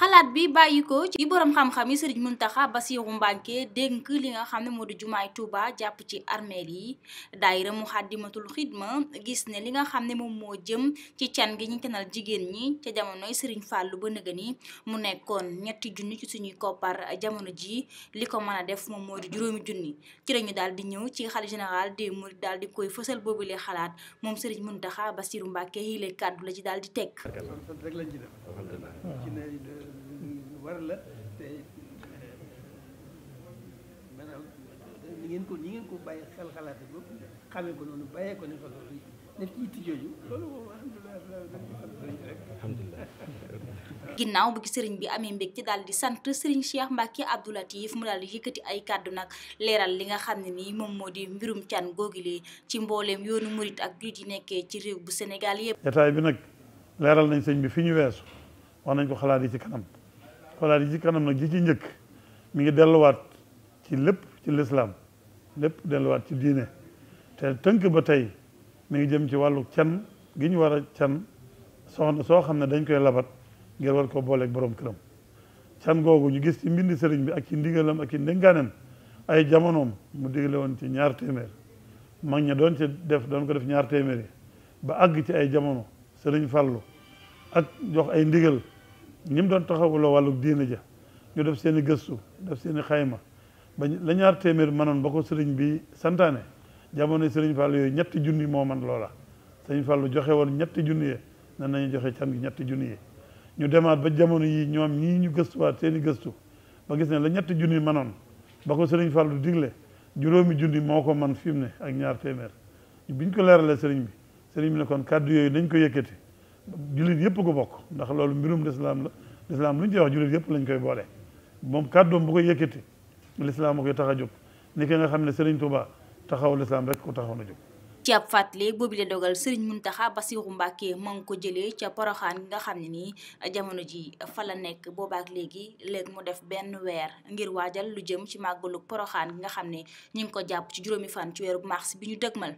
xalaat bi bàyyi ko ci boroom xam-xam yi sëriñ Muntaxa Basiiru Mbàkke dénk li nga xam ne moo di jumaay Touba jàpp ci armeel yi daayira Muxaddamatul Xidma gis ne li nga xam ne moom moo jëm ci can gi ñu tenal jigéen ñi ca jamonoy sëriñ Fàllu ba nëga mu nekkoon ñetti junni ci suñuy koppar jamono ji li ko mën def moom moo di juróomi junni ci lañu daal di ñëw ci xalifa général des mourides daal di koy fësal boobu lee xalaat moom sëriñ Muntaxa Basiiru Mbàkke yi lay kàddu la ci daal di teg la te eh, maanaam ñi ginnaaw bu sëriñ bi amee mbég ci daal di sant sëriñ Cheikh mbakki Abdou Latif mu daal yëkkati ay kàddu nag leeral li nga xam ne nii moom moo di mbirum can googilee ci mbooleem yoonu murit ak jurit yi nekkee ci réew bu Sénégal yëpp jataay bi nag leeral nañ sëñ bi fi ñu weesu wax nañ ko xalaat yi ci kanam xalaat yi ci kanam nag ji ci njëkk mu ngi delluwaat ci lépp ci lislaam lépp delluwaat ci diine te tënk ba tey mu ngi jëm ci wàllu can gi ñu war a can soxna soo xam ne dañ koy labat ngir war ko booleeg borom këram can googu ñu gis ci mbind sëriñ bi ak ci ndigalam ak ci ndéngaaneem ay jamonoom mu digle woon ci ñaar téeméer mag ña doon ci def doon ko def ñaar téeméer yi ba àgg ci ay jamono sëriñ Fàllu ak jox ay ndigal ñi doon taxawuloo wàllu diina ja ñu def seen i gëstu def seen i xayma ba la ñaar téeméer manoon ba ko sëriñ bi santaane jamono sëriñ Fallou yooyu ñetti junni moo man loola sëriñ Fallou joxe woon ñetti junni yee nañu joxe can gi ñetti junni yee ñu demaat ba jamono yi ñoom ñii ñu gëstuwaat seen gëstu ba gis ne la ñetti junni manoon ba ko sëriñ Fallou digle juróomi junni moo ko man fi ne ak ñaar téeméer biñ ko leeralee sëriñ bi sëriñ bi ne kon kàddu yooyu nañ ko yëkkati jullit yëpp ko bokk ndax loolu mbirum lislaam la lislaam lu ñu ci wax jullit yëpp lañ koy boole moom kàddoom bu koy yëkkati lislaam moo koy tax a jóg ni ki nga xam ne Serigne Touba taxaw lislaam rek ko taxaw na jóg ci ab fàttali boobu la dogal Serigne Mountakha Bassirou Mbacké ma ngi ko jëlee ca Porokhane nga xam ne nii jamono ji fa la nekk boobaak léegi léegi mu def benn weer ngir waajal lu jëm ci màggalu Porokhane gi nga xam ne ñu ngi ko jàpp ci juróomi fan ci weeru mars bi ñu dëgmal